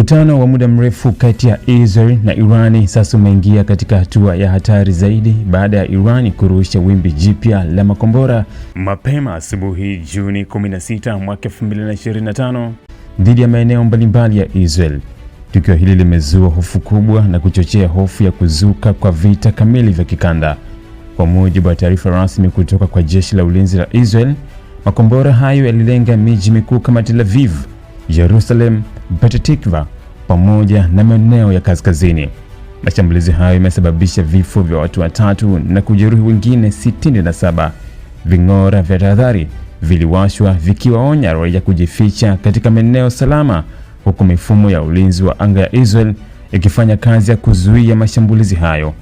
Mvutano wa muda mrefu kati ya Israel na Irani sasa umeingia katika hatua ya hatari zaidi baada ya Irani kurusha wimbi jipya la makombora mapema asubuhi Juni 16 mwaka 2025 dhidi ya maeneo mbalimbali ya Israel. Tukio hili limezua hofu kubwa na kuchochea hofu ya kuzuka kwa vita kamili vya kikanda. Kwa mujibu wa taarifa rasmi kutoka kwa jeshi la ulinzi la Israel, makombora hayo yalilenga miji mikuu kama Tel Aviv, Jerusalem Pete Tikva pamoja na maeneo ya kaskazini. Mashambulizi hayo yamesababisha vifo vya watu watatu na kujeruhi wengine 67. Ving'ora vya tahadhari viliwashwa vikiwaonya raia kujificha katika maeneo salama, huku mifumo ya ulinzi wa anga ya Israel ikifanya kazi ya kuzuia mashambulizi hayo.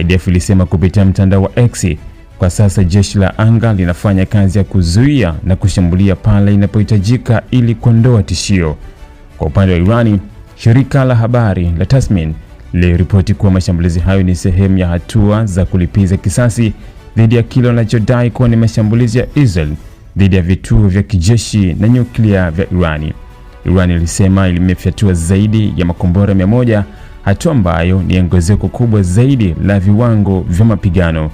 IDF ilisema kupitia mtandao wa X, kwa sasa jeshi la anga linafanya kazi ya kuzuia na kushambulia pale inapohitajika ili kuondoa tishio. Kwa upande wa Irani, shirika la habari la Tasmin liliripoti kuwa mashambulizi hayo ni sehemu ya hatua za kulipiza kisasi dhidi ya kile wanachodai kuwa ni mashambulizi ya Israel dhidi ya vituo vya kijeshi na nyuklia vya Irani. Irani ilisema limefyatua zaidi ya makombora moja, hatua ambayo ni ongezeko kubwa zaidi la viwango vya mapigano.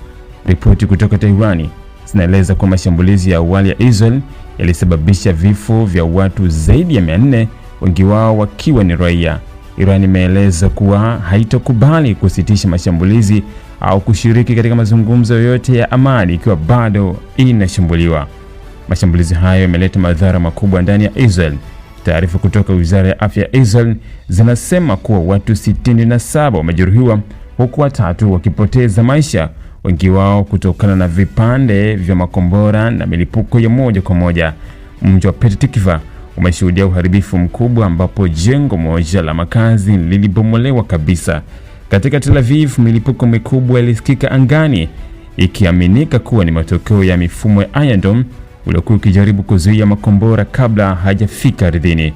Ripoti kutoka Tehran zinaeleza kuwa mashambulizi ya awali ya Israel yalisababisha vifo vya watu zaidi ya 400 wengi wao wakiwa ni raia. Iran imeeleza kuwa haitakubali kusitisha mashambulizi au kushiriki katika mazungumzo yoyote ya amani ikiwa bado inashambuliwa. Mashambulizi hayo yameleta madhara makubwa ndani ya Israel. Taarifa kutoka Wizara ya Afya ya Israel zinasema kuwa watu 67 wamejeruhiwa huku watatu wakipoteza maisha, wengi wao kutokana na vipande vya makombora na milipuko ya moja kwa moja. Mji wa Petah Tikva umeshuhudia uharibifu mkubwa ambapo jengo moja la makazi lilibomolewa kabisa. Katika Tel Aviv, milipuko mikubwa ilisikika angani ikiaminika kuwa ni matokeo ya mifumo ya Iron Dome uliokuwa ukijaribu kuzuia makombora kabla hajafika ardhini.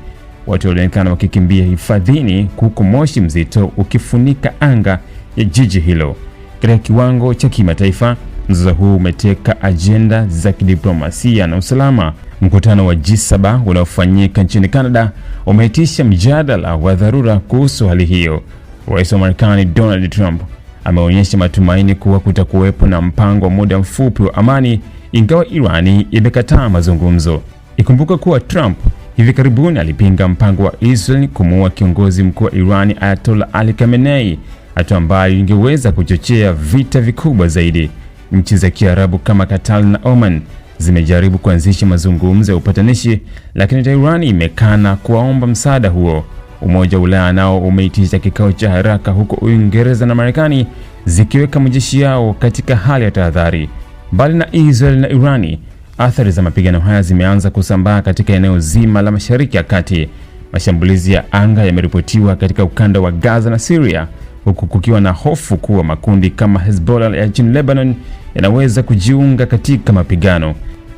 Watu walionekana wakikimbia hifadhini huku moshi mzito ukifunika anga ya jiji hilo. Katika kiwango cha kimataifa, mzozo huu umeteka ajenda za kidiplomasia na usalama. Mkutano wa G7 unaofanyika nchini Canada umeitisha mjadala wa dharura kuhusu hali hiyo. Rais wa Marekani Donald Trump ameonyesha matumaini kuwa kutakuwepo na mpango wa muda mfupi wa amani, ingawa Irani imekataa mazungumzo. Ikumbuka kuwa Trump hivi karibuni alipinga mpango wa Israel kumuua kiongozi mkuu wa Irani Ayatollah Ali Khamenei, hatua ambayo ingeweza kuchochea vita vikubwa zaidi. Nchi za Kiarabu kama Qatar na Oman zimejaribu kuanzisha mazungumzo ya upatanishi, lakini Tehran imekana kuwaomba msaada huo. Umoja wa Ulaya nao umeitisha kikao cha haraka, huko Uingereza na Marekani zikiweka majeshi yao katika hali ya tahadhari. Mbali na Israel na Irani, athari za mapigano haya zimeanza kusambaa katika eneo zima la Mashariki ya Kati. Mashambulizi ya anga yameripotiwa katika ukanda wa Gaza na Syria huku kukiwa na hofu kuwa makundi kama Hezbollah ya nchini Lebanon yanaweza kujiunga katika mapigano.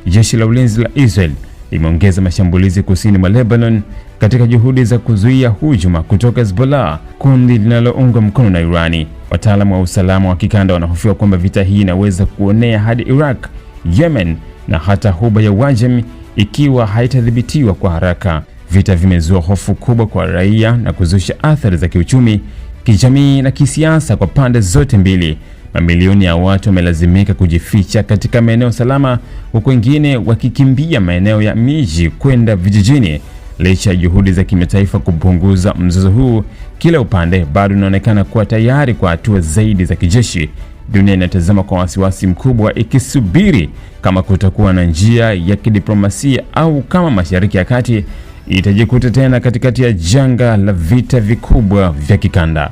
Jeshi la ulinzi la Israel limeongeza mashambulizi kusini mwa Lebanon katika juhudi za kuzuia hujuma kutoka Hezbollah, kundi linaloungwa mkono na Irani. Wataalamu wa usalama wa kikanda wanahofia kwamba vita hii inaweza kuonea hadi Iraq, Yemen na hata huba ya Uajemi ikiwa haitadhibitiwa kwa haraka. Vita vimezua hofu kubwa kwa raia na kuzusha athari za kiuchumi kijamii na kisiasa kwa pande zote mbili. Mamilioni ya watu wamelazimika kujificha katika maeneo salama, huku wengine wakikimbia maeneo ya miji kwenda vijijini. Licha ya juhudi za kimataifa kupunguza mzozo huu, kila upande bado unaonekana kuwa tayari kwa hatua zaidi za kijeshi. Dunia inatazama kwa wasiwasi mkubwa, ikisubiri kama kutakuwa na njia ya kidiplomasia au kama Mashariki ya Kati itajikuta tena katikati ya janga la vita vikubwa vya kikanda.